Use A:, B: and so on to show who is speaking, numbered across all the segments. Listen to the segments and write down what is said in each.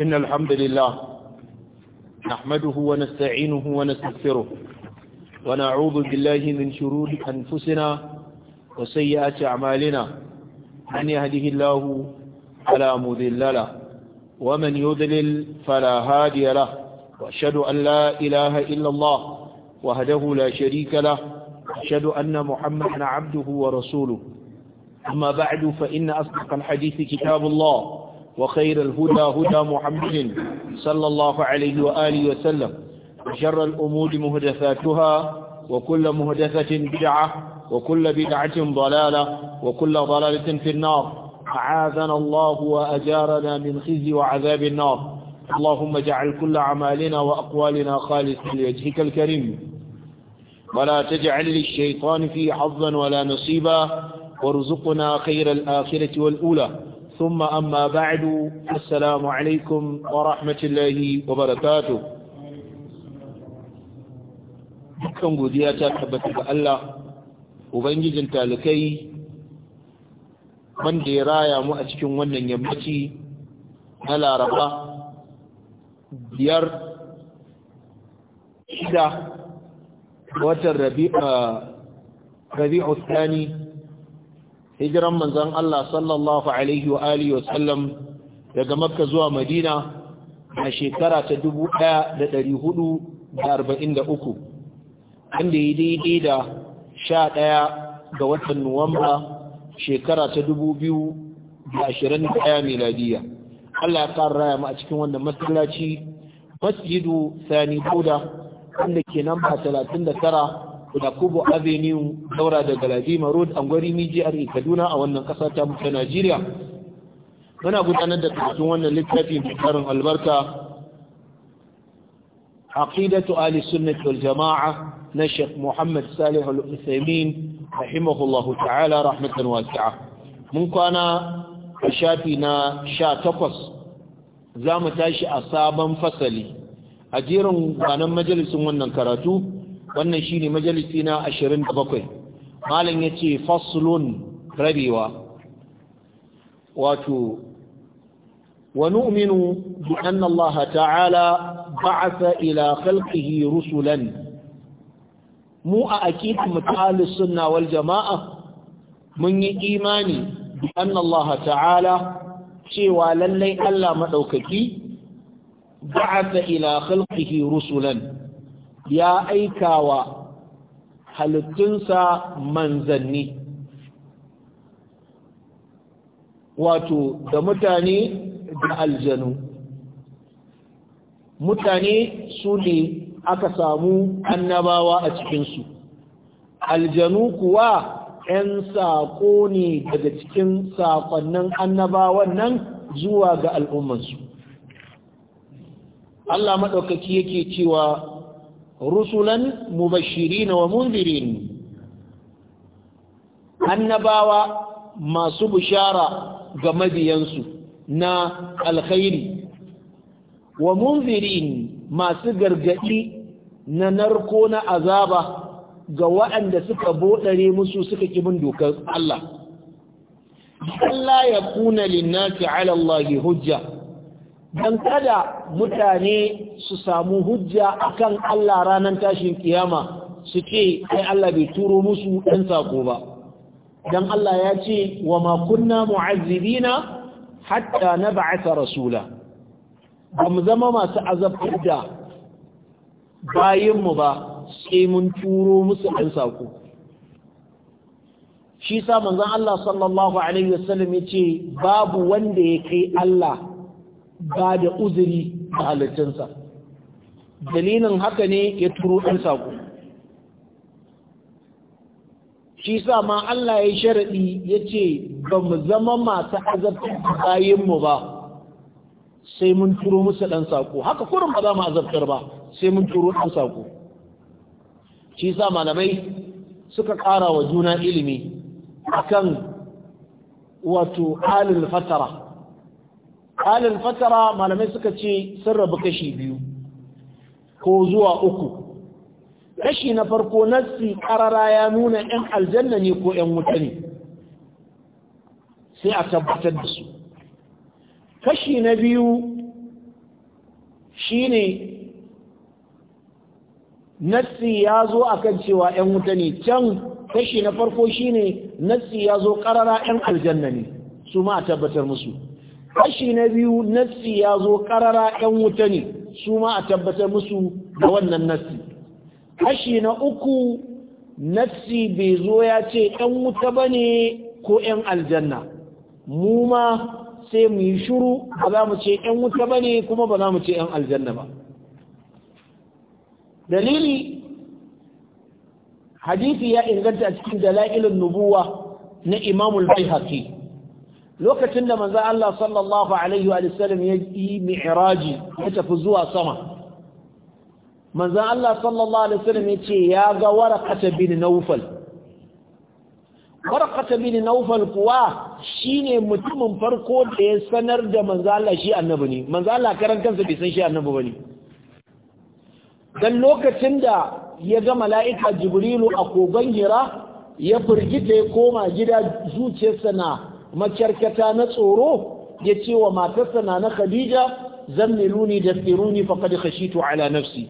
A: إن الحمد لله نحمده ونستعينه ونستغفره ونعوذ بالله من شرور أنفسنا وسيئات أعمالنا من يهده الله فلا مذل له ومن يذلل فلا هادي له وأشهد أن لا إله إلا الله وهده لا شريك له أشهد أن محمدا عبده ورسوله أما بعد فإن أصدق الحديث كتاب الله وخير الهدى هدى محمد صلى الله عليه وآله وسلم وشر الأمور مهدثاتها وكل مهدثة بدعة وكل بدعة ضلالة وكل ضلالة في النار أعاذنا الله وأجارنا من خزي وعذاب النار اللهم اجعل كل أعمالنا وأقوالنا خالصا لوجهك الكريم ولا تجعل للشيطان في حظا ولا نصيبا وارزقنا خير الآخرة والأولى ثم أما بعد السلام عليكم ورحمة الله وبركاته dukkan godiya ta tabbata ga Allah ubangijin talikai wanda ya raya mu a cikin wannan yammaci na laraba biyar shida watan rabi'u tsani hijiran manzon Allah sallallahu alaihi wa alihi wa sallam daga makka zuwa madina a shekara ta 1443 wanda ya daidai da 11 ga watan nuwamba shekara ta 2021 miladiya Allah ya ƙara mu a cikin wannan masallaci masjidu sani buda wanda ke nan ba 39 yakubu avenue daura da galadima road angwari miji ari kaduna a wannan kasa ta mutane najeriya muna gudanar da karatun wannan littafi mai karin albarka aqidatu ahli sunnah wal jamaa na sheikh muhammad salih al uthaymeen rahimahullahu ta'ala rahmatan wasi'a mun kwana a shafi na 18 za mu tashi a sabon fasali a jerin gwanan majalisin wannan karatu wannan shi ne majalisi ashirin da bakwai malin ya ce fasulun rabewa wato wani uminu bi an Allah ta'ala ba'asa ila khalqihi rusulan mu a akitin mutu sunna wal jama'a mun yi imani bi an Allah ta'ala cewa lallai Allah maɗaukaki ba'asa ila khalqihi rusulan ya aika wa halittunsa manzanni wato da mutane da aljanu mutane su ne aka samu annabawa a cikinsu aljanu kuwa 'yan saƙo ne daga cikin saƙonnin annabawan nan zuwa ga al'ummansu Allah maɗaukaki yake cewa rusulan mubashirin wa munzirin annabawa masu bishara ga mabiyansu na alkhairi wa munzirin masu gargaɗi na narko na azaba ga waɗanda suka bodare musu suka kibin dokar Allah Allah ya kuna linnati ala Allah hujja don kada mutane su samu hujja akan Allah ranar tashin kiyama su ce ai Allah bai turo musu ɗan sako ba Dan Allah ya ce wa ma kunna mu'azzibina hatta na ba'asa rasula ba mu zama masu azabtar da mu ba sai mun turo musu ɗan sako shi sa manzon Allah sallallahu alaihi wasallam ya ce babu wanda ya kai Allah ba da uzuri a halittunsa dalilin haka ne ya turo ɗan saƙo shi sa ma Allah ya sharaɗi ya ce ba mu zama masu azabtar bayanmu ba sai mun turo musu ɗan saƙo haka kurin ba za mu azabtar ba sai mun turo ɗan saƙo shi sa malamai suka ƙara wa juna ilimi akan wato halin fatara halin fatara malamai suka ce sun rabu kashi biyu ko zuwa uku kashi na farko nassi karara ya nuna 'yan aljanna ne ko 'yan wuta ne sai a tabbatar da su kashi na biyu shi ne nassi ya zo a kan cewa 'yan wuta ne can kashi na farko shi ne nassi ya zo karara 'yan aljanna ne su ma a tabbatar musu kashi na biyu nassi ya zo karara ɗan wuta ne su ma a tabbatar musu da wannan nassi kashi na uku nassi bai zo ya ce ɗan wuta ba ne ko ‘yan aljanna mu ma sai mu yi shuru ba za mu ce ‘yan wuta ba ne kuma ba za mu ce ‘yan aljanna ba dalili hadisi ya inganta cikin dala'ilin nubuwa na imamul bai haƙi lokacin da manzo Allah sallallahu alaihi wa sallam ya yi mi'raji ya tafi zuwa sama manzo Allah sallallahu alaihi wa sallam ya ce ya ga warqata bin nawfal warqata bin nawfal kuwa shine mutumin farko da ya sanar da manzo Allah shi annabi ne manzo Allah karan kansa bai san shi annabi bane dan lokacin da ya ga mala'ika jibrilu a kogon hira ya furgita ya koma gida zuciyarsa na makyarkata na tsoro ya ce wa matarsa na na khadija zammiluni da faqad khashitu ala nafsi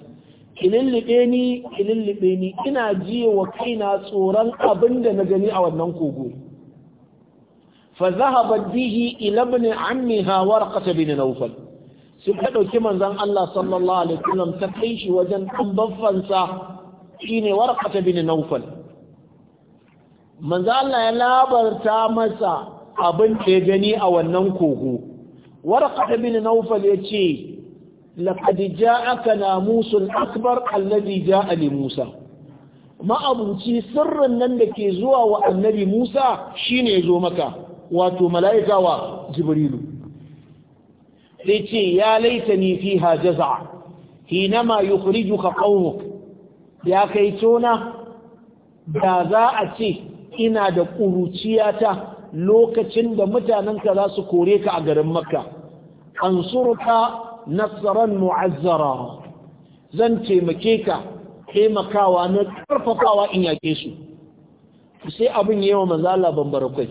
A: kilillibe ni kilillibe ni ina ji wa kaina tsoron abin da na gani a wannan kogo fa zahaba bihi ila ibn ammiha warqat bin nawfal Su ka dauki manzon Allah sallallahu alaihi wasallam ta kai shi wajen dan baffansa shine warqat bin nawfal manzon Allah ya labarta masa abin da ya gani a wannan kogo warqat bin nawfal yace laqad ja'aka namusul akbar alladhi ja'a li musa ma'abuci sirrin nan da ke zuwa wa annabi musa shine ya zo maka wato mala'ika wa jibrilu yace ya laitani fiha jaza hinama yukhrijuka ya kai tona da za a ce ina da ƙuruciyata lokacin da mutanenka za su kore ka a garin makka an surka nasaran mu'azzara zan taimake ka taimakawa na karfafawa in yake su sai abin yi wa manzala bambara kai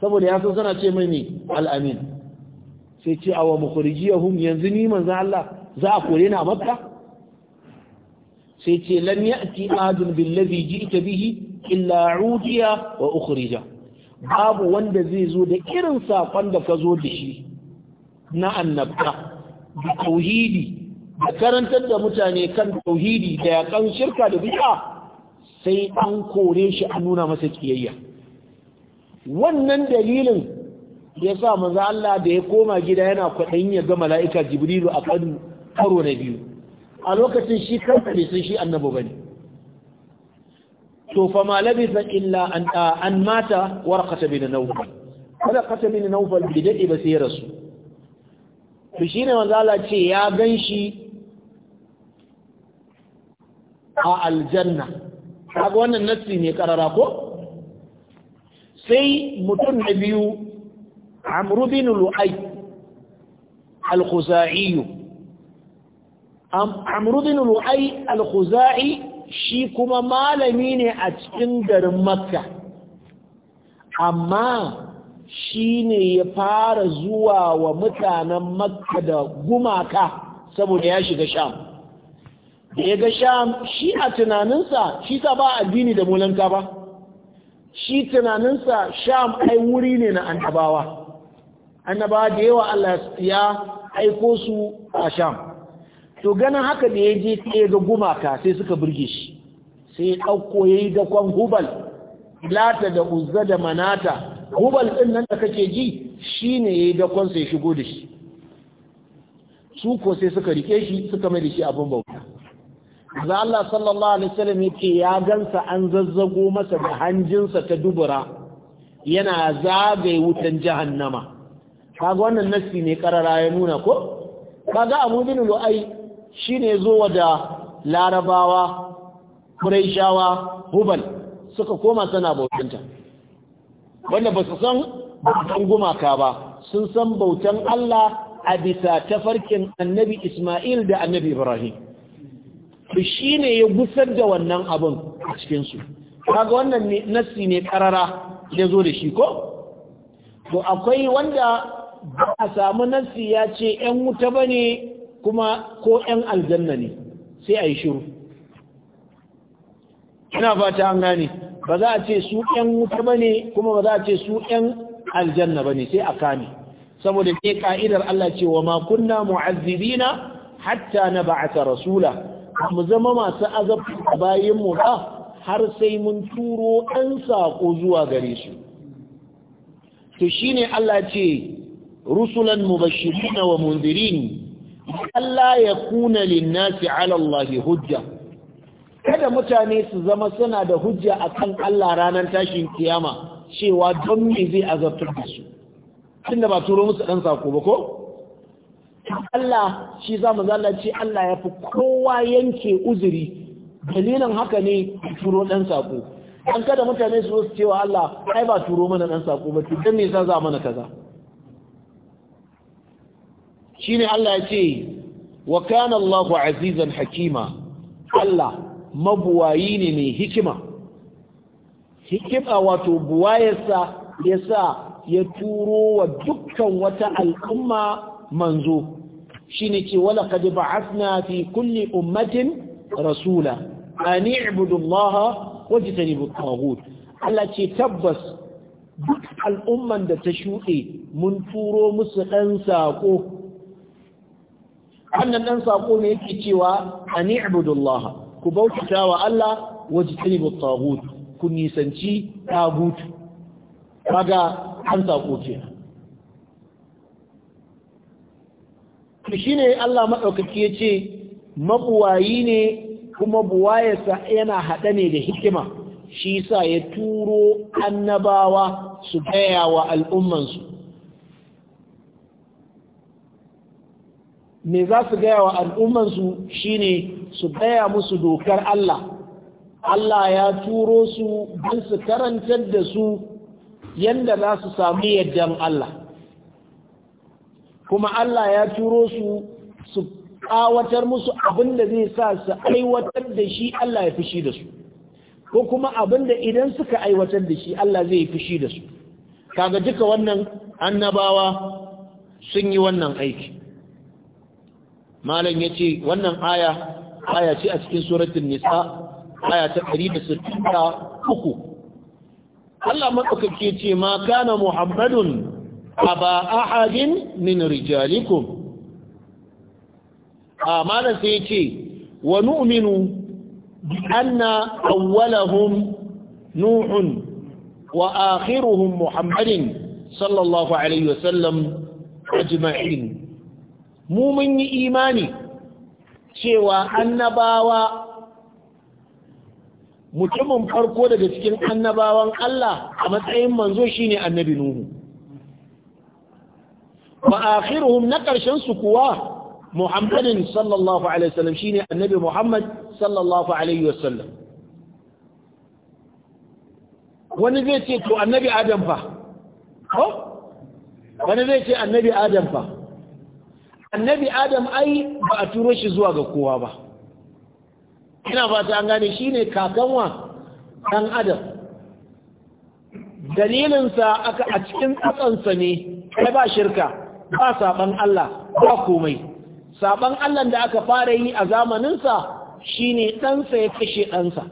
A: saboda ya san sana ce mai al'amin sai ce awa makurijiyahum yanzu ni manzan Allah za a kore na makka sai ce lan ya'ti adun billazi ji'ta bihi illa udiya wa ukhrija babu wanda zai zo da irin saƙon da ka zo da shi na annabta da tauhidi da karantar da mutane kan tauhidi da yakan shirka da bid'a sai an kore shi an nuna masa kiyayya wannan dalilin ya sa manzo Allah da ya koma gida yana kwaɗayin ya ga mala'ika Jibrilu a karo na biyu a lokacin shi kansa ne sun shi annabi bane to fa ma labisa illa an an mata warqata bin nawfal warqata bin nawfal bidai ba sai rasu to shine manzo ce ya ganshi a aljanna kaga wannan nassi ne karara ko sai mutum na biyu amru bin lu'ay al-khuzai amru bin lu'ay al-khuzai shi kuma malami ne a cikin garin makka amma shi ne ya fara zuwa wa mutanen makka da gumaka saboda ya shiga sham da ya ga sham shi a tunaninsa shi ta ba addini da mulanka ba shi tunaninsa sham ai wuri ne na annabawa annabawa da yawa Allah ya aiko su a sham to ganin haka da ya je tsaye ga gumaka sai suka burge shi sai ɗauko ya yi dakon hubal lata da uzza da manata hubal ɗin nan da kake ji shi ne ya yi dakon sai shigo da shi su ko sai suka rike shi suka mai da shi abin bauta za Allah sallallahu alaihi wasallam yake ya gansa an zazzago masa da hanjinsa ta dubura yana zagaye wutan jahannama kaga wannan nassi ne karara ya nuna ko kaga Abu Bin Lu'ay shine zo da larabawa kuraishawa hubal suka koma sana bautanta wanda ba su san bautan gumaka ba sun san bautan Allah a bisa tafarkin annabi Ismail da annabi Ibrahim shi ne ya gusar da wannan abin a cikinsu kaga wannan nassi ne karara ya zo da shi ko? to akwai wanda ba a samu nassi ya ce ‘yan wuta ba ne kuma ko 'yan aljanna ne sai a yi shiru ina fata an gane ba za a ce su 'yan wuta ba ne kuma ba za a ce su 'yan aljanna ba ne sai a kame saboda ke ka'idar Allah ce wa makunna mu'azzibina hatta na ba'ata rasula mu zama masu azabta bayan mu ba har sai mun turo ɗan saƙo zuwa gare su to shine Allah ce rusulan mubashirin wa mundirin Allah ya kuna linnasi ala Allah hujja kada mutane su zama suna da hujja akan Allah ranar tashin kiyama cewa don me zai azabtar da su tunda ba turo musu dan sako ba ko Allah shi za mu zalla ce Allah ya fi kowa yanke uzuri dalilin haka ne turo dan sako an kada mutane su zo cewa Allah ai ba turo mana dan sako ba to me yasa za mana kaza shine Allah ya ce wa kana Allahu azizan hakima Allah mabuwayi ne mai hikima hikima wato buwayarsa sa ya turo wa dukkan wata al'umma manzo shine ce wala qad ba'athna fi kulli ummatin rasula an i'budu Allah wajtanibu at-taghut Allah ce tabbas duk al'umman da ta shuɗe mun turo musu ɗan saƙo annan ɗan sako ne yake cewa an ibudullah ku bautata wa Allah wajtanibu tagut ku nisanci tagut kaga an sako ce shine Allah madaukaki yace mabuwayi ne kuma buwayarsa yana hada ne da hikima shi yasa ya turo annabawa su gaya wa al'ummansu me za su gaya wa al'ummansu ne su gaya musu dokar Allah Allah ya turo su don su karantar da su yadda za su sami yaddan Allah kuma Allah ya turo su su ƙawatar musu abin zai sa su aiwatar da shi Allah ya fushi da su ko kuma abinda idan suka aiwatar da shi Allah zai fushi da su kaga duka wannan annabawa sun yi wannan aiki malam ya ce wannan aya aya ce a cikin suratun nisa aya ta 163 Allah maɗaukake ce ma kana muhammadun aba ahadin min rijalikum a malam sai ya ce wa nu'minu anna awwalahum nuhun wa akhiruhum muhammadin sallallahu alaihi wasallam ajma'in mu mun yi imani cewa annabawa mutumin farko daga cikin annabawan Allah a matsayin manzo shine annabi Nuhu wa akhiruhum na ƙarshen su kuwa Muhammadin sallallahu alaihi wasallam shine annabi Muhammad sallallahu alaihi wasallam wani zai ce to annabi Adam fa ko wani zai ce annabi Adam fa annabi adam ai ba a turo shi zuwa ga kowa ba ina fata an gane shi ne kakanwa ɗan adam dalilinsa aka a cikin tsatsansa ne kai ba shirka ba saban Allah ba komai saban Allah da aka fara yi a zamaninsa shine ɗansa ya kashe ɗansa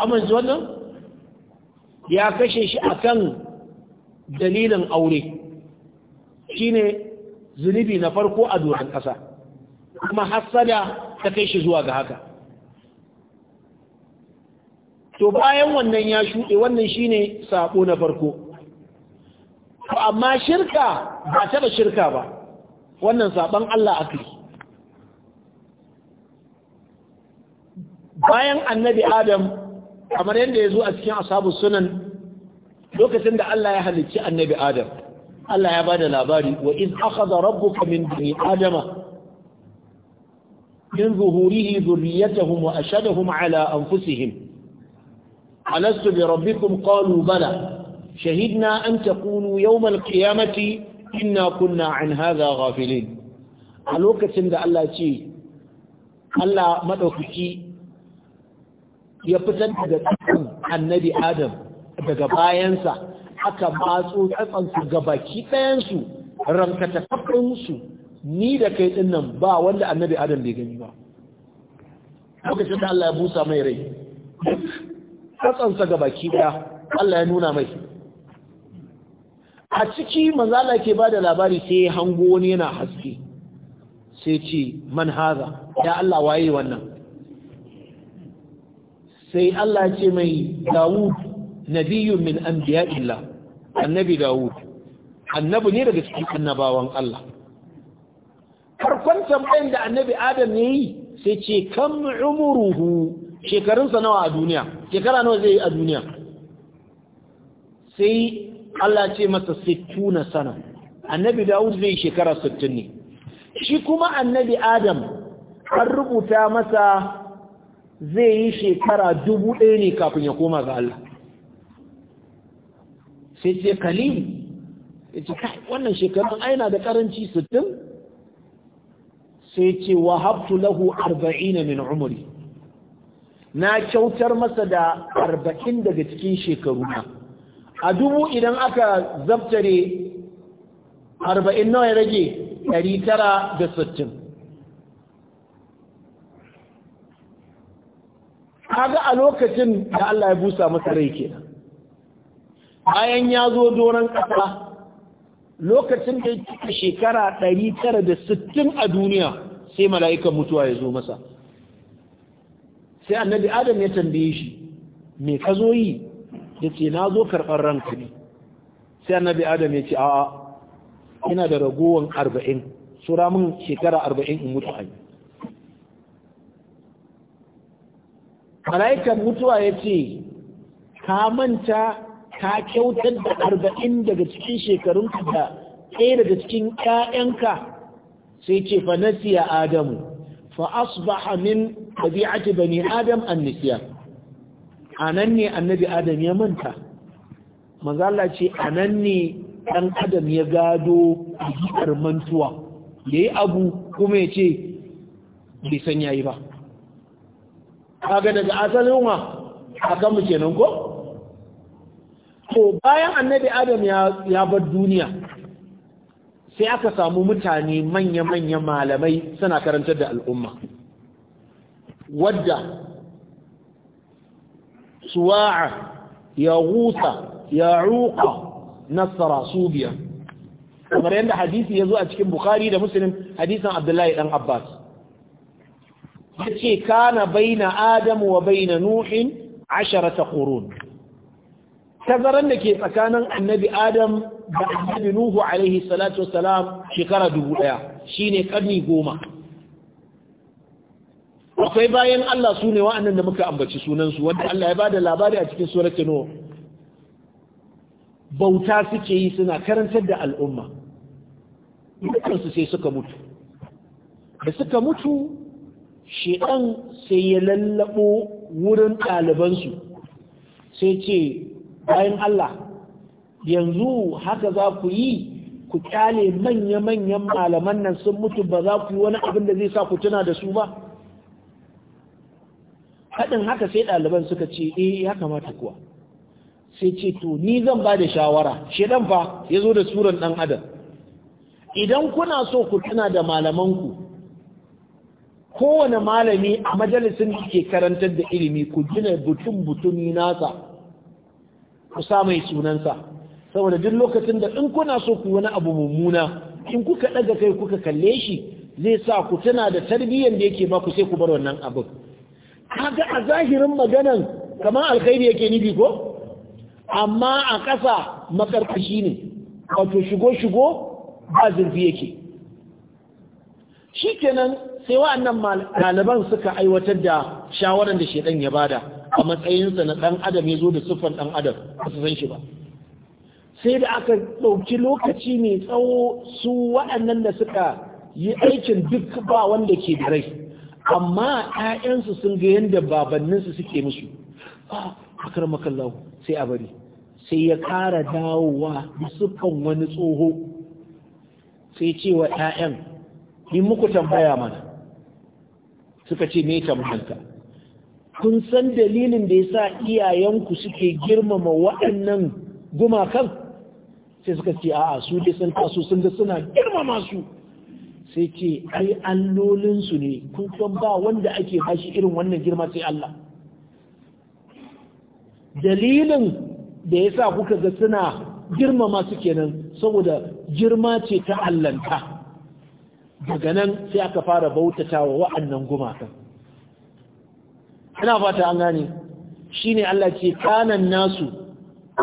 A: amince wannan ya kashe shi akan dalilin aure shine zunubi na farko a doron ƙasa kuma hassada ta kai shi zuwa ga haka to bayan wannan ya shuɗe wannan shine sabo na farko amma shirka ba taɓa shirka ba wannan saɓon Allah a kai bayan annabi adam kamar yadda ya zo a cikin asabu sunan lokacin da Allah ya halicci annabi adam Allah ya da labari wa iz akhadha rabbuka min bani adama min zuhurihi dhurriyyatahum wa ashadahum ala anfusihim alastu bi rabbikum qalu bala shahidna an taqulu yawm qiyamati inna kunna an hadha ghafilin a lokacin da Allah ce Allah madaukaki ya fitar da annabi Adam daga bayansa aka matso tsatsansu ga baki ɗayansu rankata kafinsu ni da kai ɗin nan ba wanda annabi adam bai gani ba lokacin da Allah ya busa mai rai tsatsansa ga baki ɗaya Allah ya nuna mai a ciki manzala ke ba da labari sai hango wani yana haske sai ce man haza ya Allah waye wannan sai Allah ce mai Dawud nabiyun min anbiya'illah annabi Dawud annabi ne daga cikin annabawan Allah farkon tambayin da annabi Adam ne yi sai ce kam umuruhu shekarunsa nawa a duniya shekara nawa zai yi a duniya sai Allah ce masa 60 sana annabi Dawud zai shekara 60 ne shi kuma annabi Adam an rubuta masa zai yi shekara dubu ɗaya ne kafin ya koma ga Allah sai ce kalil ya ce kai wannan shekarun aina da karanci sittin sai ce wa habtu lahu 40 min umri na kyautar masa da arba'in daga cikin shekaru na a dubu idan aka zabtare arba'in nawa ya rage 960 tara da sittin kaga a lokacin da Allah ya busa masa rai kenan bayan ya zo doron ƙasa lokacin da ya cika shekara 960 a duniya sai mala'ikan mutuwa ya zo masa sai annabi adam ya tambaye shi me ka zo yi ya ce na zo karɓar ranka ne sai annabi adam ya ce a'a ina da ragowar arba'in sura min shekara arba'in in mutu yi. mala'ikan mutuwa ya ce ka manta ka kyautar da arba'in daga cikin shekarunka da ɗaya daga cikin ƴaƴanka sai ce fa nasiya adamu fa asbaha min tabi'ati bani adam an nisiya anan ne annabi adam ya manta manzo Allah ce anan ne dan adam ya gado hakikar mantuwa yayi abu kuma yace ce bai san yayi ba kaga daga asalin wa aka mu kenan ko to bayan annabi adam ya bar duniya sai aka samu mutane manya-manya malamai suna karantar da al'umma wadda suwa'a ya huta ya ruka nasara su biya kamar yadda hadisi ya zo a cikin bukari da musulun hadisan abdullahi dan abbas ya ce kana baina adamu wa baina nuhin asharata qurun tazaran da ke tsakanin annabi adam da annabi nuhu alaihi salatu wasalam shekara dubu ɗaya ne karni goma akwai bayan Allah su ne wa'annan da muka ambaci sunansu wanda Allah ya ba da labari a cikin suratul nur bauta suke yi suna karantar da al'umma dukansu sai suka mutu da suka mutu ɗan sai ya lallabo wurin ɗalibansu sai ce bayan Allah yanzu haka za ku yi ku kyale manya-manyan malaman nan sun mutu ba za ku yi wani abin da zai sa ku tuna da su ba haɗin haka sai ɗaliban suka ce eh ya kamata kuwa sai ce to ni zan ba da shawara shedan fa ya zo da suran ɗan adam idan kuna so ku tuna da malamanku kowane malami a majalisin da ke karantar da ilimi ku gina butun-butuni nasa ku sa mai sunansa saboda duk lokacin da in kuna so ku wani abu mummuna in kuka daga kai kuka kalle shi zai sa ku tana da tarbiyyar da yake baku sai ku bar wannan abin kaga a zahirin maganan kamar alkhairi yake nibi ko amma a ƙasa makarkashi ne wato shigo shigo ba zurfi yake kenan sai wa'annan malaman suka aiwatar da shawaran da shedan ya bada a matsayinsa na ɗan adam ya zo da siffar ɗan adam ba su san shi ba sai da aka ɗauki lokaci mai tsawo su waɗannan da suka yi aikin duk ba wanda ke da rai amma 'ya'yansu sun ga yadda babanninsu suke musu a ah, makallahu sai a bari sai ya ƙara dawowa da sukan wani tsoho sai ce 'ya'yan yi muku tambaya mana suka ce me tambayanta kun san dalilin da ya sa iyayenku suke girmama waɗannan gumakan sai suka ce a'a su dai san taso sun da suna girmama su sai ce ai allolinsu ne kun san ba wanda ake bashi irin wannan girma sai Allah dalilin da ya sa kuka ga suna girmama su kenan saboda girma ce ta allanta daga nan sai aka fara bautatawa waɗannan gumakan ina fata an gane shine Allah ce kanan nasu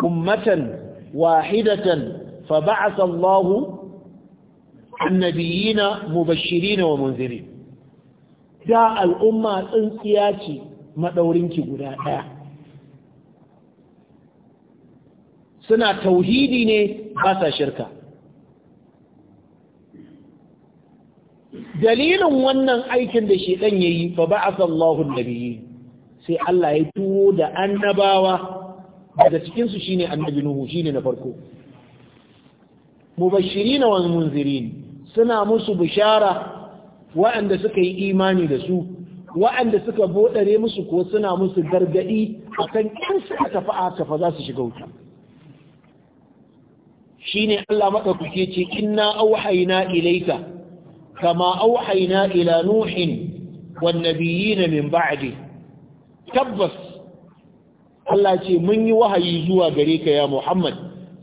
A: ummatan wahidatan fa ba'atha Allahu annabiyina mubashirina wa munzirin da al'umma tsintsiya ce madaurinki guda daya suna tauhidi ne ba sa shirka dalilin wannan aikin da shedan yayi fa ba'atha Allahu annabiyina sai Allah ya tuwo da annabawa daga cikinsu shine annabi Nuhu shine na farko mubashirina wa munzirin suna musu bishara waɗanda suka yi imani da su waɗanda suka boɗare musu ko suna musu gargadi akan in suka tafi aka fa za su shiga wuta shine Allah madaukake ce inna auhaina ilayka kama auhaina ila nuhin wannabiyina nabiyyin min ba'di tabbas Allah ce mun yi wahayi zuwa gare ka ya Muhammad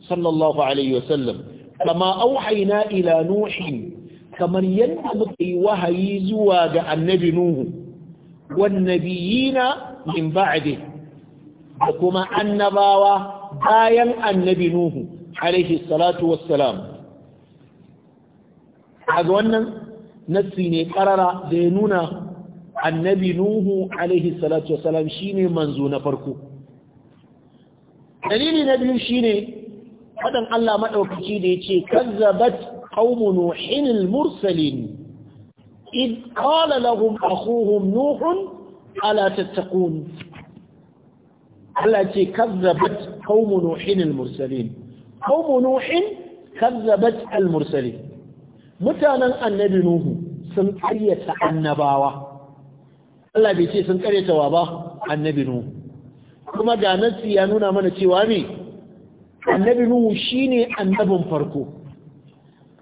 A: sallallahu alaihi wasallam kama auhayna ila nuhi kamar yadda muka yi wahayi zuwa ga annabi nuhu wan nabiyina min ba'di da kuma annabawa bayan annabi nuhu alaihi salatu wassalam kaga wannan nassi ne karara da ya nuna annabi nuhu alaihi salatu wasalam shine manzo na farko dalili na biyu shine fadan Allah madaukaki da yace kazzabat qaumu nuhin al-mursalin id qala lahum akhuhum nuh ala tattaqun Allah ce kazzabat qaumu nuhin al-mursalin qaumu nuhin kazzabat al mutanen annabi nuhu sun ƙaryata annabawa Allah bai ce sun wa ba annabi nuhu kuma ga nasi ya nuna mana cewa ne annabi nuhu shine annabin farko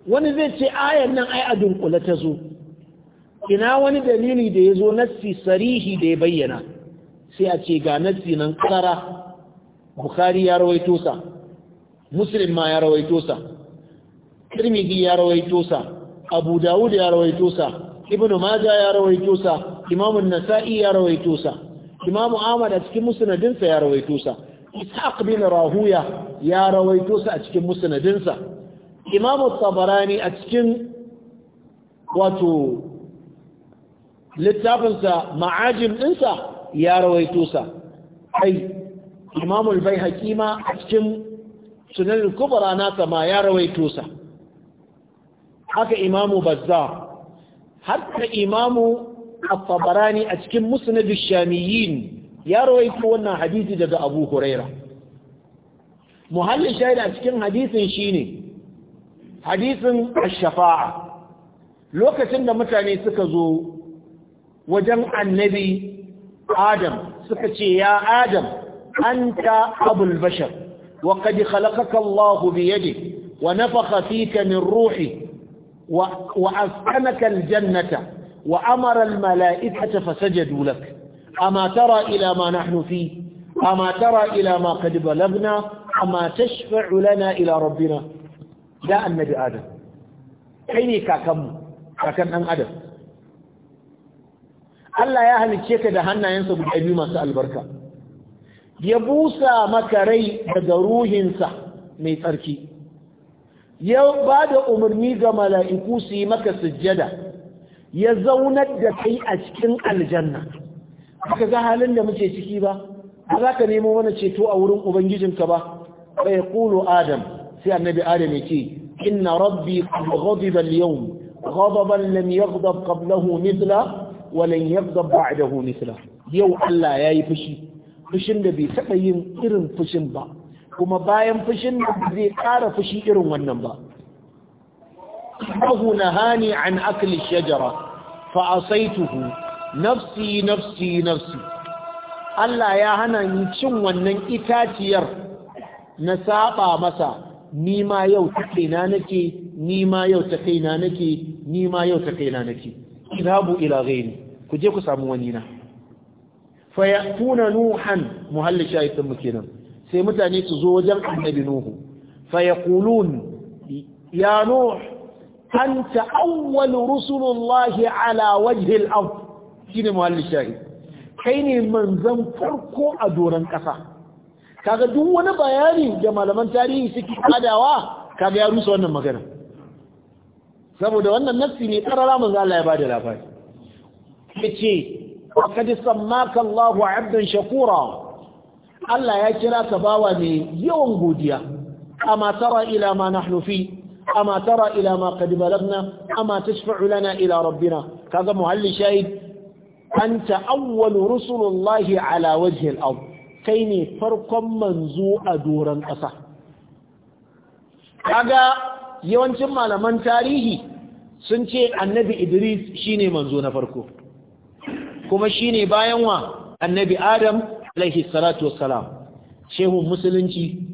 A: wani zai ce ayan nan ai a dunkule ta zo ina wani dalili da ya zo nassi sarihi da ya bayyana sai a ce ga nasi nan kara bukhari ya rawaito sa muslim ma ya rawaito sa tirmidhi ya rawaito sa abu dawud ya rawaito sa ibnu majah ya rawaito sa Imamu nasa'i ya rawaito sa imamu ahmad a cikin musnadinsa ya rawaito sa ishaq bin rahuya ya rawaito sa a cikin musnadinsa imamu tabarani a cikin wato littafinsa ma'ajin ɗinsa ya rawaito sa ai imamul bai hakima a cikin sunan kubra nasa ma ya rawaito sa haka imamu bazzar haka imamu at-tabarani a cikin musnad ash-shamiyyin ya rawaito wannan hadisi daga Abu Huraira muhallin shahid a cikin hadisin shine hadisin ash-shafa'a lokacin da mutane suka zo wajen annabi Adam suka ce ya Adam anta abul bashar wa qad khalaqaka Allah bi yadihi wa nafakha fika min ruhi wa askanaka jannata wa amara almala'ikata fasajadu lak ama tara ila ma nahnu fi ama tara ila ma qad balagna ama tashfa'u lana ila rabbina da annabi adam kai ne kakanmu kakan adam Allah ya halicce ka da hannayensa guda biyu masu albarka ya busa maka rai daga ruhinsa mai tsarki ya ba da umarni ga mala'iku su yi maka sujjada ya zaunar da kai a cikin aljanna baka ga halin da muke ciki ba ba za ka nemo mana ceto a wurin ubangijinka ba bai kulu adam sai annabi adam ya ce, inna rabbi qad ghadiba al-yawm ghadaban lam yaghdab qablahu mithla wa lan yaghdab ba'dahu mithla yau Allah yayi fushi fushin da bai taɓa yin irin fushin ba kuma bayan fushin nan zai ƙara fushi irin wannan ba إنه نهاني عن أكل الشجرة فعصيته نفسي نفسي نفسي Allah ya hana ni cin wannan itaciyar na saba masa ni ma yau ta kaina nake ni ma yau ta kaina nake ni ma yau ta kaina nake idhabu ila ghairi ku je ku samu wani na fa yatuna nuhan muhalli shaytan mukinan sai mutane su zo wajen annabi nuhu fa yaqulun ya nuh أنت ala رسل الله على وجه الأرض شين مهل الشاهد كين منزم فرقو أدورا كسا kaga duk wani bayani da malaman tarihi suke adawa kaga ya rusa wannan magana saboda wannan nassi ne karara manzo Allah ya bada labari yace qad sammaka Allahu 'abdan shakura Allah ya kira ka bawa ne yawan godiya amma tara ila ma nahnu fi أما ترى إلى ما قد بلغنا أما تشفع لنا إلى ربنا كذا مهل شاهد أنت أول رسل الله على وجه الأرض كيني فرقا منزوء دورا أسه kaga yawancin malaman tarihi sun ce annabi idris shine manzo na farko kuma shine bayan wa annabi adam alaihi salatu wassalam shehun musulunci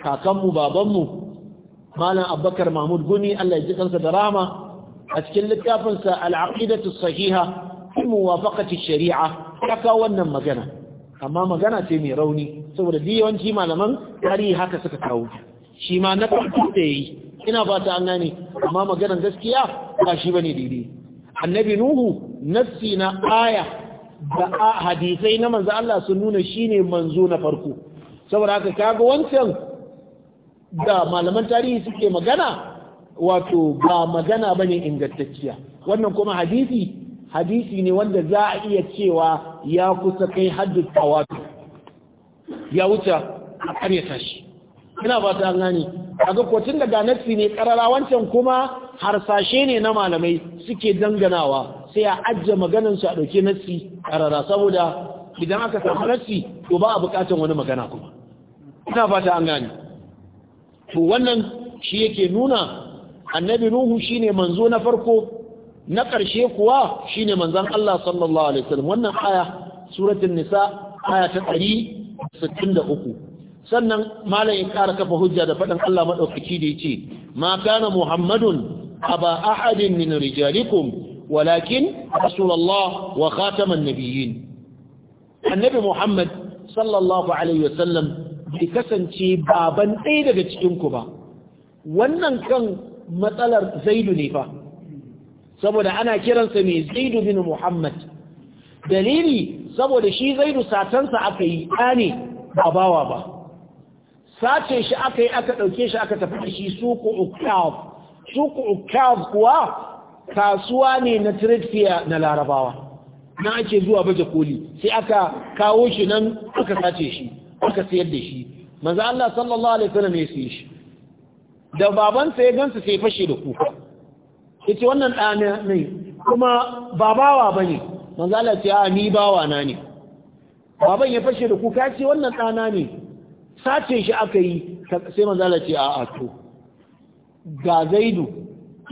A: kakanmu babanmu malam abubakar mahmud gumi allah ya ji kansa da Rama a cikin littafinsa al'aqidatu sahiha fi muwafaqati shari'a ya kawo wannan magana amma magana ce mai rauni saboda duk yawanci malaman tarihi haka suka kawo shi ma na farko da yi ina ba ta an gane amma maganar gaskiya ba shi bane daidai annabi nuhu nafsi na aya da hadisai na manzo Allah sun nuna shine manzo na farko saboda haka kaga wancan da malaman tarihi suke magana wato ba magana ba ne ingantacciya wannan kuma hadisi hadisi ne wanda za a iya cewa ya kusa kai haddu tawatu ya wuce a karyata shi ina ba ta gane kaga ko tun daga nafsi ne karara wancan kuma harsashe ne na malamai suke danganawa sai a ajje maganar su a dauke nafsi karara saboda idan aka samu nafsi to ba a bukatan wani magana kuma ina ba ta gane to wannan shi yake nuna annabi nuhu shine manzo na farko na ƙarshe kuwa shine manzon Allah sallallahu alaihi wasallam wannan aya suratul nisa aya ta 163 sannan malam ya ƙara kafa hujja da faɗin Allah madaukaki da yace ma kana muhammadun aba ahadin min rijalikum walakin rasulullah wa khataman nabiyyin annabi muhammad sallallahu alaihi wasallam bai kasance baban ɗaya daga cikinku ba wannan kan matsalar zaidu ne fa saboda ana kiransa mai zaidu bin muhammad dalili saboda shi zaidu satansa aka yi ɗane ba bawa ba sace shi aka yi aka ɗauke shi aka tafi shi suku ukaf suku kuwa kasuwa ne na trade na larabawa na ake zuwa baje koli sai aka kawo shi nan aka sace shi aka sayar da shi manzo Allah sallallahu alaihi wasallam ya sayi shi da babansa ya gansa sai fashe da kuka yace wannan ɗana ne kuma ba bawa bane manzo Allah ya ce a ni bawa na ne baban ya fashe da kuka yace wannan ɗana ne sace shi aka yi sai manzo Allah ce a a to ga zaidu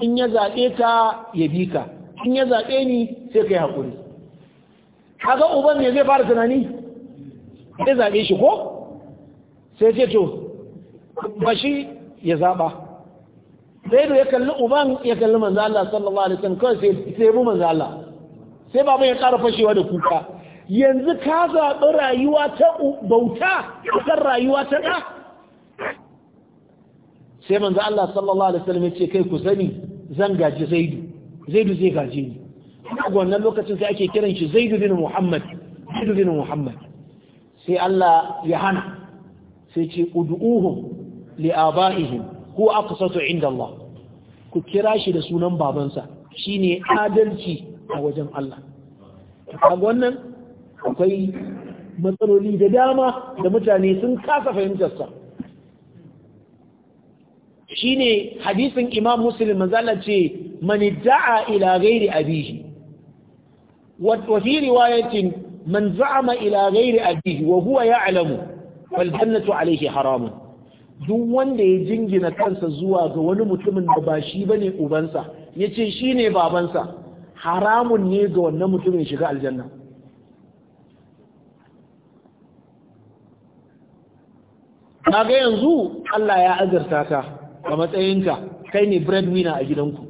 A: in ya zabe ka ya bi ka in ya zabe ni sai kai hakuri kaga uban ne zai fara tunani ya zaɓe shi ko sai ce to ba shi ya zaɓa zaidu ya kalli uban ya kalli manzo Allah sallallahu alaihi wasallam kawai sai sai bu manzo Allah sai baban ya ƙara fashewa da kuka yanzu ka zaɓi rayuwa ta bauta kan rayuwa ta ɗa sai manzo Allah sallallahu alaihi wasallam ya ce kai ku sani zan gaji zaidu zaidu zai gaje ni wannan lokacin sai ake kiran shi zaidu bin muhammad zaidu bin muhammad sai Allah ya hana sai ce ud'uhum li abaihim a aqsatu inda Allah ku kira shi da sunan babansa shine adalci a wajen Allah kaga wannan akwai matsaloli da dama da mutane sun kasa fahimtar sa shine hadisin Imam Muslim manzala ce man da'a ila ghairi abihi wa fi riwayatin man za'ama ila ghairi abihi wa huwa ya'lamu fal jannatu haramun duk wanda ya jingina kansa zuwa ga wani mutumin da ba shi bane ubansa yace shine babansa haramun ne ga wannan mutumin shiga aljanna ga yanzu Allah ya azarta ka a matsayinka kai ne breadwinner a gidanku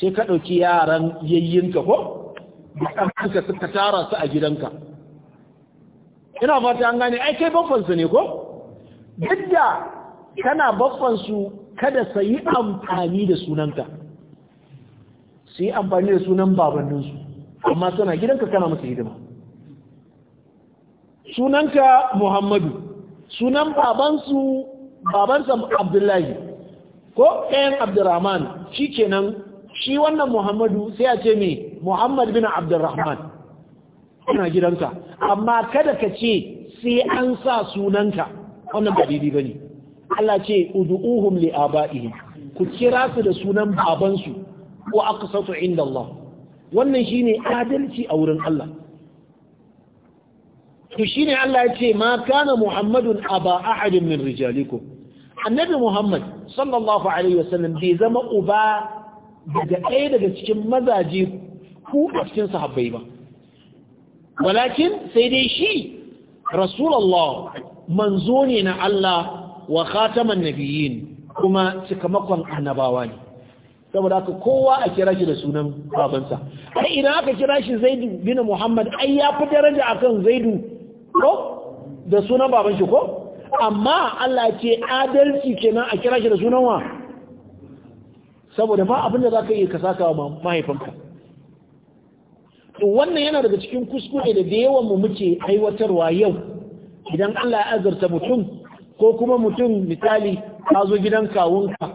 A: sai ka ɗauki yaran yayyinka ko da suka tara su a gidanka ina fata an gane ai kai baffansu ne ko duk da kana baffansu kada su yi amfani da sunanka su yi amfani da sunan babanninsu amma suna gidanka kana masa hidima sunanka muhammadu sunan babansu babansa abdullahi ko ɗayan abdurrahman shi kenan shi wannan muhammadu sai a ce me muhammad bin abdurrahman ina gidansa amma kada ka ce sai an sa sunanka wannan ba daidai ne. Allah ce ud'uhum li aba'ihim ku kira su da sunan babansu ko aqsatu inda Allah wannan ne adalci a wurin Allah to ne Allah ya ce ma kana muhammadun aba ahadin min rijaliku annabi muhammad sallallahu alaihi wasallam bai zama uba daga ɗaya daga cikin mazaje ku a cikin sahabbai ba walakin sai dai shi rasulullah manzo ne na Allah wa khataman nabiyyin kuma cikamakon annabawa ne saboda haka kowa a kira shi da sunan babansa ai idan aka kira shi zaidu bin muhammad ai ya fi daraja akan zaidu ko da sunan baban shi ko amma Allah ce adalci kenan a kira shi da sunan wa saboda ba abin da za ka yi ka saka wa mahaifanka wannan yana daga cikin kuskure da da yawan mu muke aiwatarwa yau idan Allah ya azarta mutum ko kuma mutum misali ka zo gidan kawunka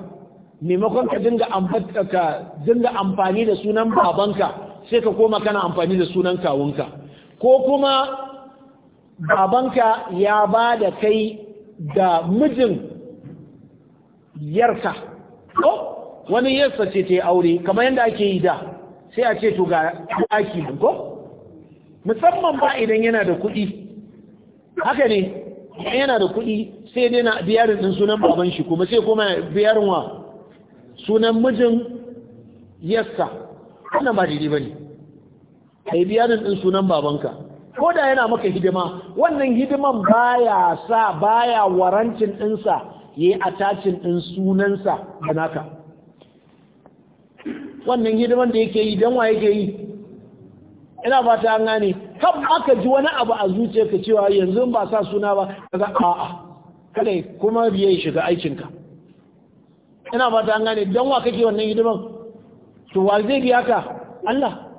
A: maimakon ka dinga amfani da sunan babanka sai ka koma kana amfani da sunan kawunka ko kuma babanka ya ba da kai da mijin yarka wani yarsa ce ta aure kamar yadda ake yi da sai a ce to ga aki nan ko musamman ba idan yana da kuɗi haka ne idan yana da kuɗi sai dai na biyarin din sunan baban shi kuma sai kuma biyarin wa sunan mijin yarsa wannan ba daidai ba ne a yi biyarin din sunan babanka ko da yana maka hidima wannan hidiman baya sa baya warancin ɗinsa ya yi attacin ɗin sunansa da naka wannan hidiman da yake yi don wa yake yi ina ba ta gane kan aka ji wani abu a ka cewa yanzu ba sa suna ba Ka ga a'a kada kuma biye shiga aikinka ina ba ta gane don wa kake wannan hidiman to wa zai biya ka Allah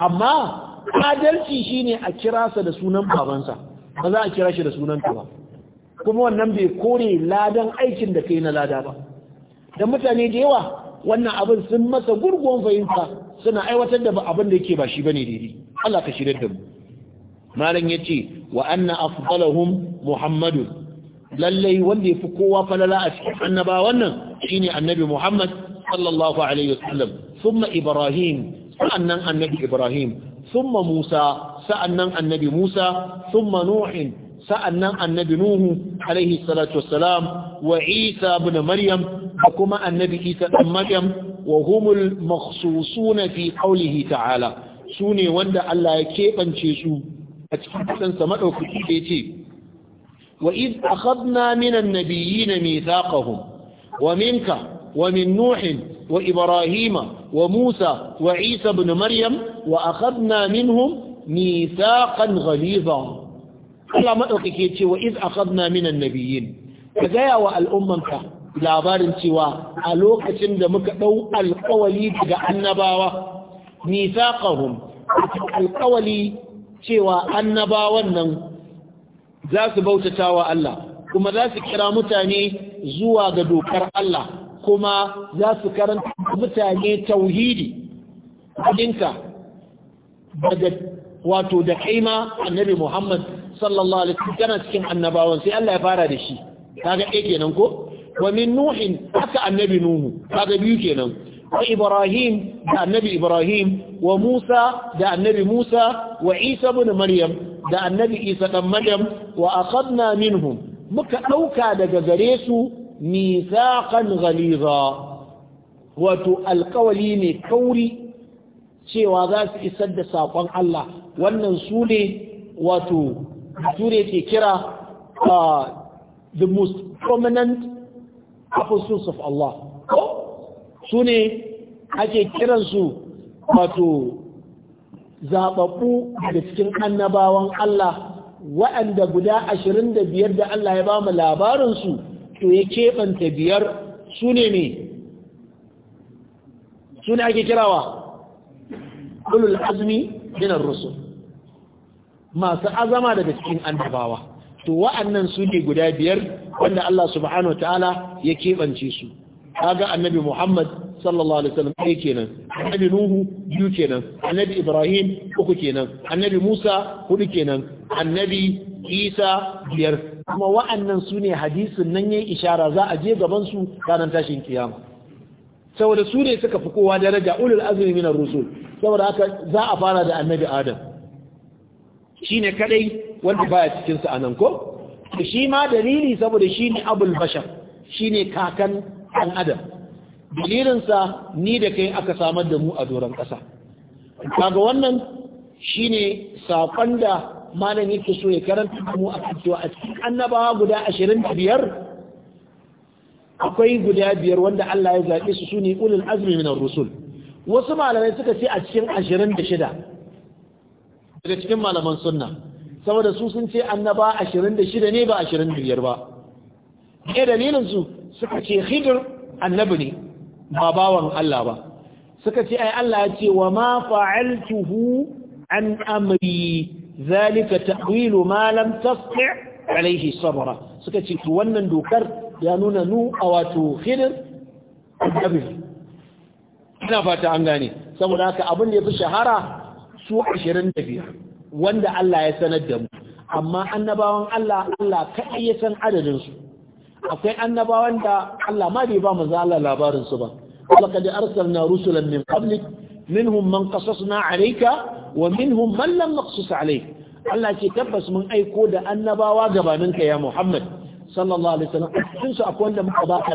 A: amma adalci shine a kira sa da sunan babansa ba za a kira shi da sunan ka ba kuma wannan bai kore ladan aikin da kai na lada ba dan mutane da yawa wannan abin sun masa gurguwan fahimta suna aiwatar da abin da yake ba shi bane daidai Allah ka shirya da mu malam yace wa anna afdalahum muhammadu lallai wanda yafi kowa falala a cikin annabawan nan shine annabi muhammad sallallahu alaihi wasallam thumma ibrahim sa'annan annabi ibrahim thumma musa sa'annan annabi musa thumma nuh sa'annan annabi nuhu alaihi salatu wassalam wa isa ibn maryam da kuma annabi isa ɗan maryam wa humul makhsusuna fi qawlihi ta'ala sune wanda Allah ya keɓance su a cikin kusansa maɗaukaki da ya wa iz akhadna minan nabiyyin mithaqahum wa minka wa min nuhin wa ibrahima wa musa wa isa ibn maryam wa akhadna minhum mithaqan ghaliza Allah maɗaukaki ya ce wa iz akhadna minan nabiyyin ka gaya wa al'ummanka labarin cewa a lokacin da muka ɗau alkawali daga annabawa nisaqahum alkawali cewa annabawan nan za su bautata wa Allah kuma za su kira mutane zuwa ga dokar Allah kuma za su karanta mutane tauhidi ɗinka daga wato da kaima annabi Muhammad sallallahu alaihi wasallam cikin annabawan sai Allah ya fara da shi kaga ɗaya kenan ko wa min nuhin haka annabi nuhu kaga biyu kenan wa ibrahim da annabi ibrahim wa musa da annabi musa wa isa ibn maryam da annabi isa dan maryam wa akhadna minhum muka ɗauka daga gare su mithaqan ghaliza wato alqawli ne kauri cewa za su isar da saƙon Allah wannan su ne wato su ne ke ah, the most prominent apostles of Allah su ne ake kiransu wato zaɓaɓɓu da cikin annabawan Allah waɗanda guda ashirin da biyar da Allah ya ba mu labarinsu to ya keɓanta biyar su ne ne su ne ake kirawa ulul azmi dinar rusul masu azama daga cikin annabawa to wa'annan su ne guda biyar wanda Allah subhanahu wa ta'ala ya keɓance su kaga annabi Muhammad sallallahu alaihi wasallam ɗaya kenan annabi Nuhu biyu kenan annabi Ibrahim uku kenan annabi Musa hudu kenan annabi Isa biyar kuma wa'annan su ne hadisin nan yayi ishara za a je gaban su ranar tashin kiyama saboda su ne suka fi kowa daraja ulul azmi min rusul saboda haka za a fara da annabi Adam shine kadai wanda baya cikin sa anan ko da shi ma dalili saboda shi ne abul bashar shi ne kakan an adam dalilinsa ni da kai aka samar da mu a doron ƙasa kaga wannan shi ne saƙon da malam yake so ya karanta da mu a cikin a cikin annabawa guda ashirin da biyar akwai guda biyar wanda Allah ya zaɓe su su ne ulul azmi min rusul wasu malamai suka ce a cikin ashirin da shida daga cikin malaman sunna saboda su sun ce annaba 26 ne ba 25 ba ne dalilin su suka ce khidir annabi ne ba bawan Allah ba suka ce ai Allah ya ce wa ma fa'altuhu an amri zalika ta'wilu ma lam tasti' alaihi sabra suka ce to wannan dokar ya nuna nu a wato khidir annabi ina fata an gane saboda haka abin da yafi shahara su 25 wanda Allah ya sanar da mu amma annabawan Allah Allah kaɗai ya san adadinsu akwai annabawan da Allah ma bai ba mu zala labarinsu ba laqad arsalna rusulan min qablik minhum man qasasna alayka wa minhum man lam naqsus alayk Allah ce tabbas mun aiko da annabawa ka ya Muhammad sallallahu alaihi wasallam cikin su akwai wanda muka ba ka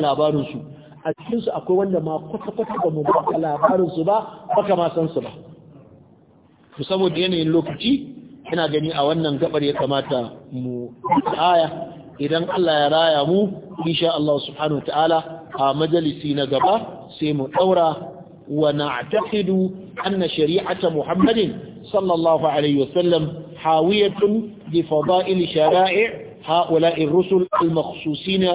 A: a cikin su akwai wanda ma kwata-kwata ba mu ba labarinsu ba baka ma san su ba to saboda yanayin lokaci ina gani a wannan gabar ya kamata mu aya idan Allah ya raya mu insha Allah subhanahu ta'ala a majalisi na gaba sai mu daura wa na'taqidu anna shari'ata Muhammadin sallallahu alaihi wasallam hawiyatun bi fada'il shara'i' ha'ula'i ar-rusul al-makhsusina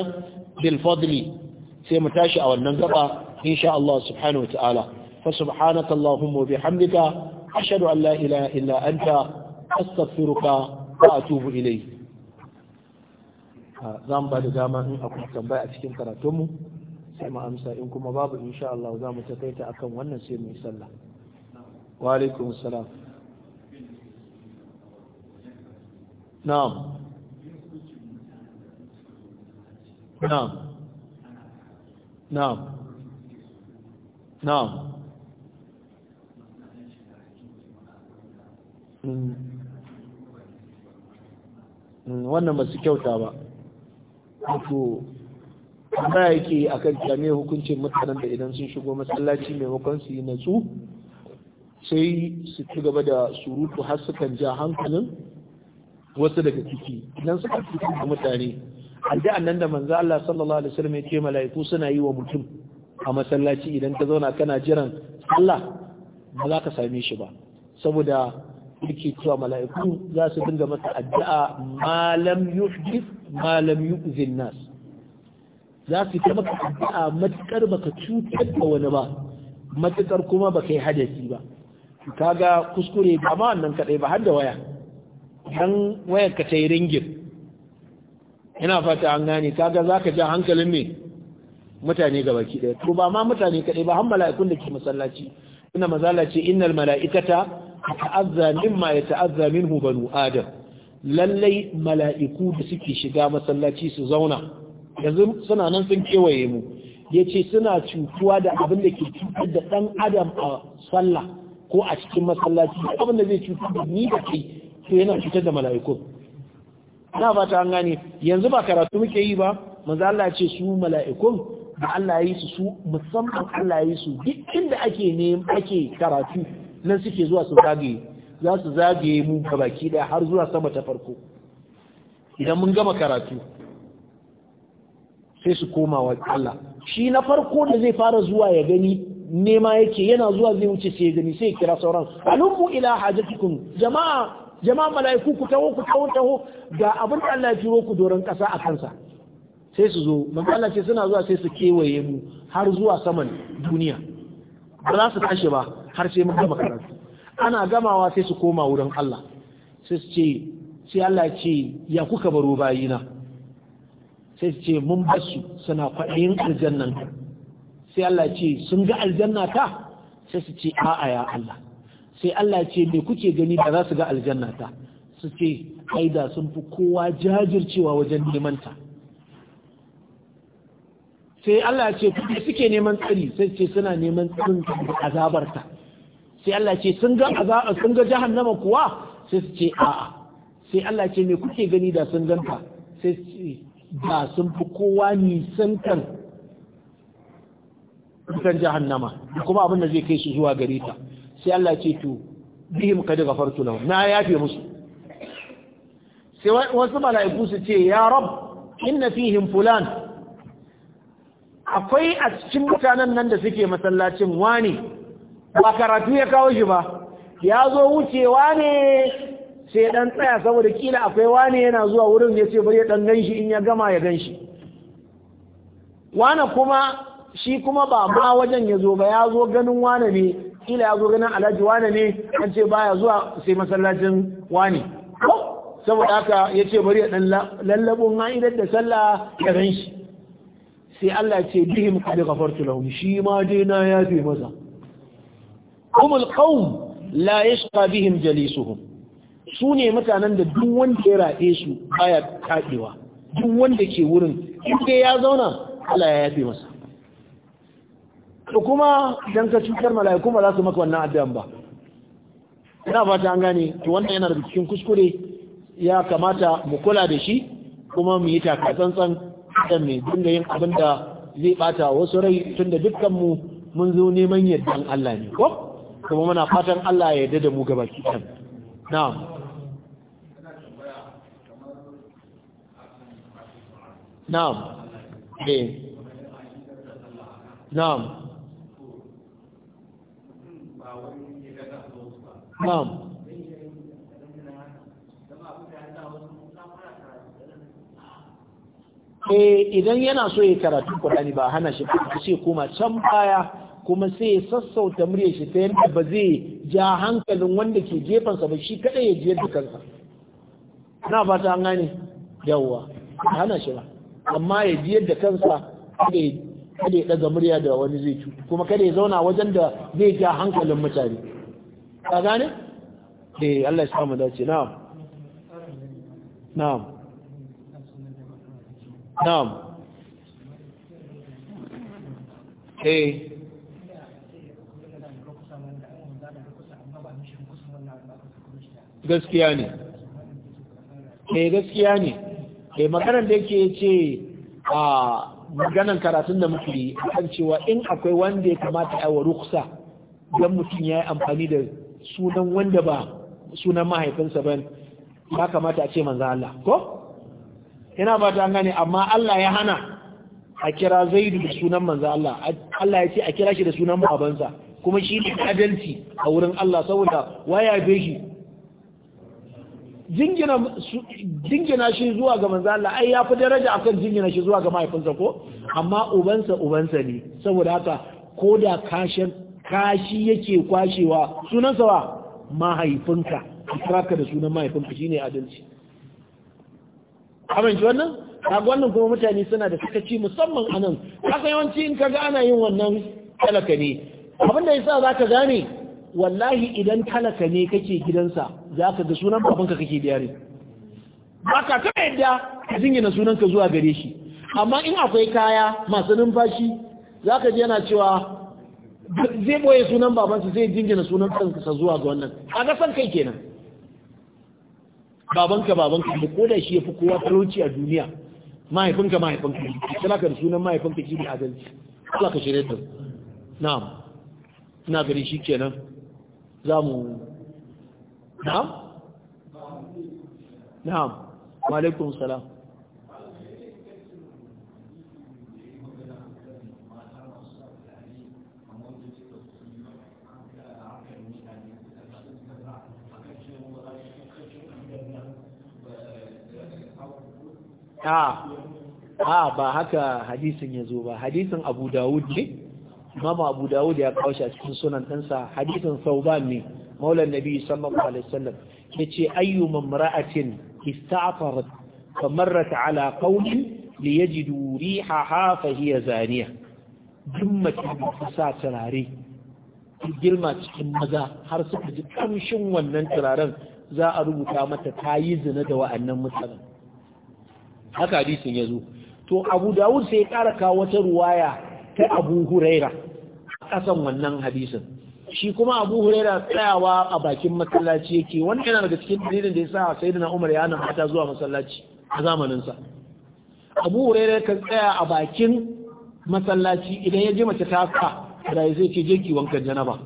A: bil sai mu tashi a wannan gaba insha Allah subhanahu ta'ala fa subhanaka allahumma bihamdika ashhadu an la ilaha illa anta astaghfiruka wa atubu ilayk za mu ba da dama in akwai tambaya a cikin karatunmu sai mu amsa in kuma babu insha Allah za mu takaita akan wannan sai mu yi sallah wa alaikum salam na'am na'am na'am na'am Mm. Mm, wannan ba su kyauta ba wato ba yake a kan kyame hukuncin mutanen da idan sun shigo masallaci maimakon su yi natsu sai su ci gaba da surutu har sukan ja hankalin wasu daga ciki idan suka fito da mutane addu'an nan da manzo Allah sallallahu alaihi wasallam yake mala'iku suna yi wa mutum a masallaci idan ka zauna kana jiran Allah ba za ka same shi ba saboda yake cewa mala'iku za su dinga masa addu'a malam yuhdif malam yu'zin nas za su ta maka addu'a matuƙar baka cutar da wani ba matuƙar kuma baka yi hadasi ba kaga kuskure ba ma wannan kaɗai ba har da waya dan wayar ka ta yi ringin ina fata an gane kaga zaka ja hankalin me mutane gaba ki daya to ba ma mutane kaɗai ba har mala'ikun da ke masallaci ina mazala ce innal mala'ikata ta'azza mimma ya ta'azza minhu banu adam lallai mala'iku da suke shiga masallaci su zauna yanzu suna nan sun kewaye mu yace suna cutuwa da abin da ke cutar da dan adam a sallah ko a cikin masallaci abin da zai cutar da ni da kai to yana cutar da mala'iku na fata an gane yanzu ba karatu muke yi ba manzo Allah ce su mala'ikun da Allah ya yi su su musamman Allah yi su duk inda ake ne ake karatu nan suke zuwa su zage, za su zage mu ga baki daya har zuwa sama ta farko idan mun gama karatu sai su koma wa Allah shi na farko da zai fara zuwa ya gani nema yake yana zuwa zai wuce sai ya gani sai ya kira sauran alummu ila hajatikum jama'a jama'a malaiku ku taho ku taho taho ga abin da Allah ya jiro ku doron kasa a kansa sai su zo manzo Allah ce suna zuwa sai su kewaye mu har zuwa saman duniya ba za su tashi ba har sai mun gama karatu ana gamawa sai su koma wurin Allah sai su ce sai Allah ce ya kuka baro bayina sai su ce mun su suna kwaɗayin aljannan sai Allah ce sun ga aljanna ta sai su ce a'a ya Allah sai Allah ce me kuke gani da za su ga aljanna ta su ce ai da sun fi kowa jajircewa wajen neman ta sai Allah ce kuke suke neman tsari sai ce suna neman tsarin azabarta sai Allah ce sun ga azaba sun ga jahannama kuwa sai su ce a'a sai Allah ce me kuke gani da sun ganta sai su ce da sun fi kowa kan kan jahannama kuma abin da zai kai su zuwa gare ta sai Allah ce to bihim kada gafartu lahum na yafe musu sai wasu mala'iku su ce ya rab inna fihim fulan akwai a cikin mutanen nan da suke masallacin wani ba karatu ya kawo shi ba ya zo wucewa ne sai dan tsaya saboda kila akwai wani yana zuwa wurin ya ce bari dan gan in ya gama ya gan shi wane kuma shi kuma ba ma wajen ya zo ba ya zo ganin wane ne kila ya zo ganin alhaji wane ne an ce baya zuwa sai masallacin wane saboda haka ya ce bari ya dan idan da sallah ya ganshi. sai Allah ce bihim qad ghafartu lahum shi ma dai na yafe masa humul qawm la yashqa bihim jalisuhum su ne mutanen da duk wanda ya raɗe su baya kaɗewa duk wanda ke wurin inda ya zauna Allah ya yafe masa to kuma dan ka cutar mala'iku ba za su maka wannan addu'an ba ina fata an gane to wannan yana da cikin kuskure ya kamata mu kula da shi kuma mu yi taka tsantsan da mai dinga yin abin da zai bata wasu rai tunda dukkan mu mun zo neman yadda Allah ne ko kuma muna fatan Allah ya yarda da mu gaba kitan na'am na'am eh. na'am na'am eh, idan yana so ya karatu Kur'ani ba hana shi ba sai koma can baya kuma sai ya sassauta murya shi ta yadda ba zai ja hankalin wanda ke gefansa ba shi kada ya je dukansa na fata an gane yawwa hana shi ba amma ya ji yadda kansa kada ya daga murya da wani zai cutu kuma kada ya zauna wajen da zai ja hankalin mutane ka gane da eh, Allah ya samu dace na'am na'am na'am eh gaskiya ne ke eh, gaskiya ne ke eh, maganar da yake ce a maganar karatun da muke a kan cewa in akwai wanda ya kamata a ruksa don mutum ya yi amfani da sunan wanda ba sunan mahaifinsa ba ya kamata a ce manzan Allah ko ina ba ta gane amma Allah ya hana a kira zai da sunan manzan Allah Allah ya ce a kira shi da sunan babansa kuma shi ne adalci a wurin Allah saboda waya bai shi jingina shi zuwa ga Manzala. Ai ya fi daraja akan jingina shi zuwa ga mahaifinsa ko amma ubansa ubansa ne saboda haka ko da kashin kashi yake kwashewa sunansa wa mahaifinka kiraka da sunan mahaifinka shine adalci amince wannan kaga wannan kuma mutane suna da ci musamman anan kasa yawanci in kaga ana yin wannan talaka ne abinda yasa ka gane wallahi idan talaka ne kake gidansa za ka ga sunan babanka kake biyare ba ka taɓa yadda ka jingina sunanka zuwa gare shi amma in akwai kaya masu numfashi za ka ji yana cewa zai boye sunan babansa zai jingina sunan kansa zuwa ga wannan a ga san kai kenan babanka babanka da ko da shi ya fi kowa talauci a duniya mahaifinka mahaifinka kana ka da sunan mahaifinka shi ne adalci Allah ka shirya ta na'am na gari shi kenan za mu na'am na'am alaikum salam a ah, ah, ba haka hadisin ya zo ba hadisin abu dawud ne Imam Abu Dawud ya kawo shi a cikin sunan ɗansa hadisin Sauban ne maulan Nabi sallallahu alaihi wasallam yace ayyu mamra'atin ista'farat ta ala qaumin riha ha fa hiya zaniya jummatin sa turare girma cikin maza har suka ji kamshin wannan turaren za a rubuta mata ta yi zina da wa'annan mutanen haka hadisin ya zo to abu dawud sai ya ƙara kawo wata ruwaya ta abu huraira a kasan wannan hadisin shi kuma abu huraira tsayawa a bakin masallaci yake wani yana daga cikin dalilin da ya sa sai da umar ya nan mata zuwa masallaci a zamaninsa abu huraira kan tsaya a bakin masallaci idan ya je mace ta sa da ya zai ce je ki wankan janaba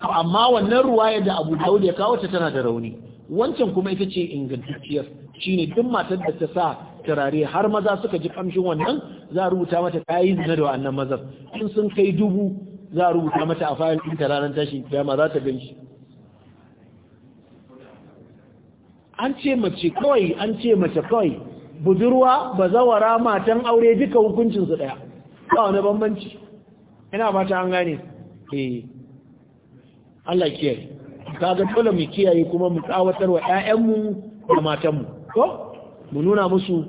A: amma wannan ruwaya da abu daud ya kawo ta tana da rauni wancan kuma ita ce ingantacciyar shine duk matar da ta sa turare har maza suka ji kamshin wannan za a rubuta mata kayi zina da wannan mazar in sun kai dubu za a rubuta mata a fayil ɗin ranar tashi kiyama za ta gan shi an ce mace kawai an ce mace kawai budurwa bazawara matan aure duka hukuncinsu ɗaya ba wani bambanci ina fata an gane eh Allah kiyaye kaga dole mu kiyaye kuma mu tsawatar wa ƴaƴanmu da matanmu ko mu nuna musu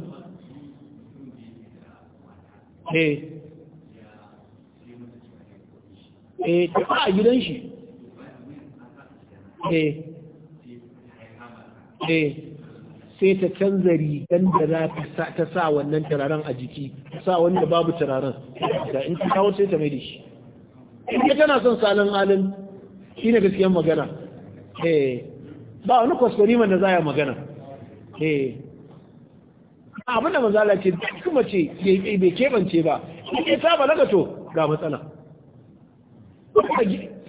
A: eh eh a gidan shi eh eh sai ta canza rigan da za ta sa wannan turaren a jiki ta sa wanda babu turaren da in ta kawo sai ta mai da shi in tana son salon halin shi ne gaskiyar magana Eh, ba wani kwaskwariman da za a magana eh abinda manzala ce kuma ce bai keɓance ba in ta na gato ga matsala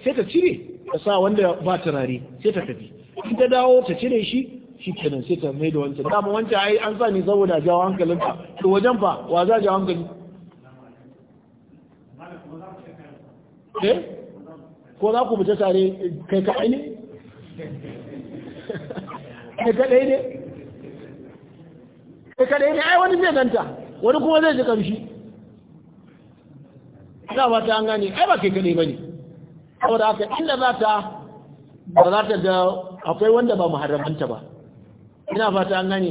A: sai ta cire ta sa wanda ba turare sai ta tafi in ta dawo ta cire shi shi kenan sai ta mai da wancan dama wancan ai an sa ni saboda jawo hankalinka to wajen fa wa za jawo hankali eh ko za ku fita tare kai ka aini kai ne kai kadai ne ai wani zai danta wani kuma zai ji kamshi ina ba ta an gane ai ba kai kadai bane da aka inda za ta ba za ta da akwai wanda ba muharramanta ba ina fata an gane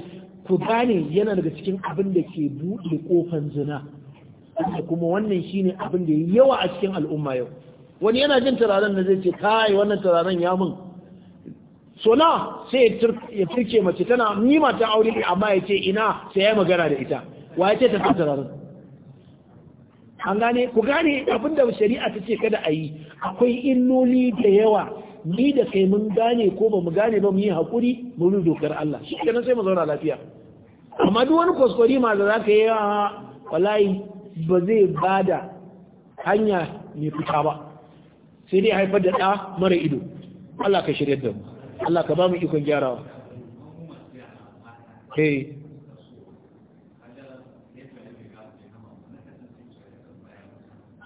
A: ku gane yana daga cikin abin da ke buɗe kofan zina kuma wannan shine abin da yawa a cikin al'umma yau wani yana jin turaren da zai ce kai wannan turaren ya mun so na sai ya turke mace tana nima ta aure ne amma ya ce ina sai ya magana da ita wa ya ce ta tsanta ranar an gane ku gane abinda shari'a ta ce kada a yi akwai illoli da yawa ni da kai mun gane ko ba mu gane ba mu yi haƙuri mu dokar Allah shi kenan sai mu zauna lafiya amma duk wani kwaskwari ma da za yi ah, wallahi ba zai bada hanya mai fita ba sai dai haifar da ɗa mara ido Allah ka shirya da mu Allah ka ba mu ikon gyarawa eh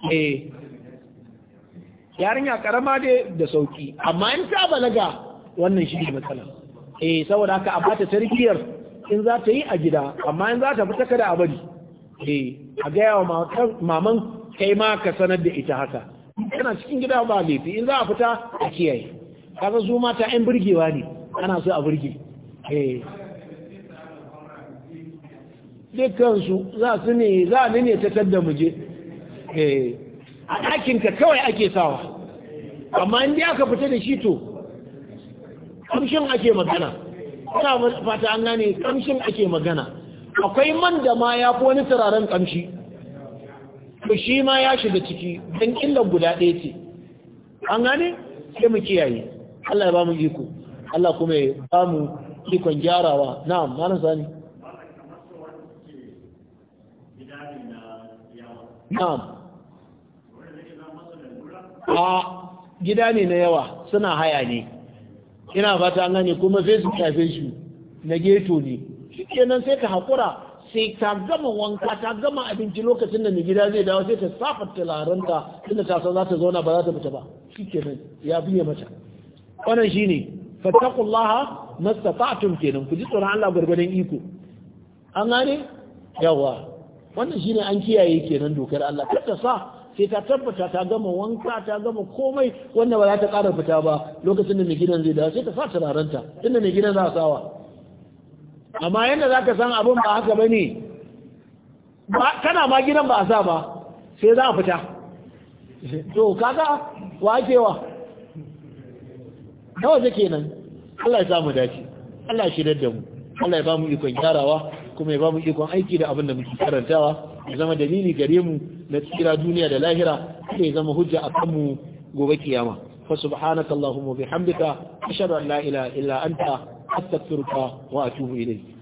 A: eh yarinya karama dai da sauki amma in ta balaga wannan shi ne matsala eh saboda haka a bata tarkiyar in za ta yi a gida amma in za ta fita kada a bari eh a gaya wa maman kai ma ka sanar da ita haka tana cikin gida ba laifi in za a fita a kiyaye kaga su mata yan burgewa ne ana so a burge eh. dukansu za su ne za ni ne ta tadda muje eh. a ɗakinka kawai ake sawa amma inda aka fita da shi to kamshin ake magana ina fata an gane kamshin ake magana akwai man da ma ya fi wani turaren kamshi to shi ma ya shiga ciki don illar guda ɗaya ce an gane sai mu kiyaye Allah ya ba mu iko Allah kuma ya ba mu ikon gyarawa na'am malam sani na'am a gida ne na yawa suna haya ne ina fata an gane kuma facebook ya shi na geto ne shi kenan sai ka haƙura sai ta gama wanka ta gama abinci lokacin da mai gida zai dawo sai ta safa tularanta inda ta san za ta zauna ba za ta fita ba shi kenan ya biye mata wannan shine fattaqullaha mastata'tum kenan ku ji tsoron Allah gurgurdan iko an gane yawa wannan shi ne an kiyaye kenan dokar Allah kada sa sai ta tabbata ta gama wanka ta gama komai wanda ba za ta ƙara fita ba lokacin da mai gidan zai dawo sai ta sa turarenta tunda mai gidan za a sawa amma yadda za ka san abin ba haka ba ne kana ma gidan ba a sa ba sai za a fita to kaga wa wa na waje kenan Allah ya samu dace Allah ya shirya da mu Allah ya ba mu ikon gyarawa kuma ya ba mu ikon aiki da abin da muke karantawa ya zama dalili gare mu na tsira duniya da lahira sai ya zama hujja a kanmu gobe kiyama fa subhanaka allahumma bihamdika ashhadu an la ilaha illa anta astaghfiruka wa atubu ilayk